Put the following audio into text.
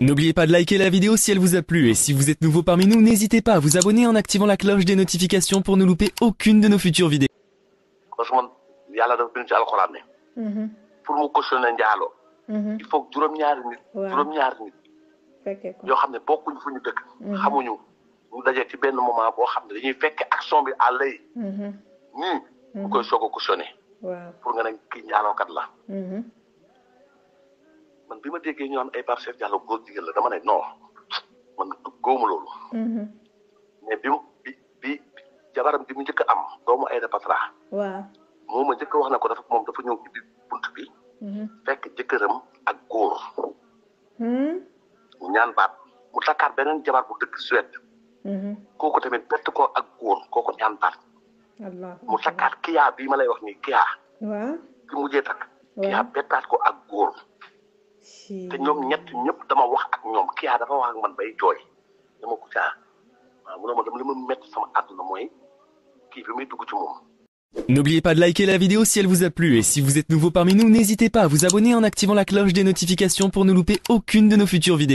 N'oubliez pas de liker la vidéo si elle vous a plu et si vous êtes nouveau parmi nous, n'hésitez pas à vous abonner en activant la cloche des notifications pour ne louper aucune de nos futures vidéos. parce que man yàlla dafa bind ci alxuraan mhm. pour mu cautionner njaalo. Mhm. il faut que juróom-ñaari nit. juróom-ñaari nit. yoo xam ne bokkuñ fu ñu dëkk. Mhm. xamuñu ñu daje ci benn moment boo xam ne dañuy fekk action bi à l'œil. nii ñu koy soog a cautionner. pour nga ne kii njaalookat la. man bi ma déggee ñu naan ay Pape Cheikh Diallo góor jigéen la dama ne non man góoma loolu. Mhm. mais bi bi jabaram bi mu njëkk am doomu Aïda Patra. waaw moom ma njëkk wax na ko dafa moom dafa ñëw ci bunt bi. Mhm. fekk jëkkëram ak góor. mu mhm. ñaan baat mu takkaat beneen jabar bu dëkk Suède. kooku tamit bett ko ak góor kooku ñaan baat. mu takkaat kiyaa bii ma lay wax nii kiyaa. waaw ki mujjee takk. kiyaa bettaat ko ak góor. te ñoom ñett ñëpp dama wax ak ñoom kii yaa ah dafa wax ak man bay jooy dama ko caa mu ne ma dama li ma métti sama àdduna mooy kii bi muy dugg ci moom. N'oubliez pas de liker la vidéo si elle vous a plu et si vous êtes nouveau parmi nous, n'hésitez pas à vous abonner en activant la cloche des notifications pour ne louper aucune de nos futures vidéos.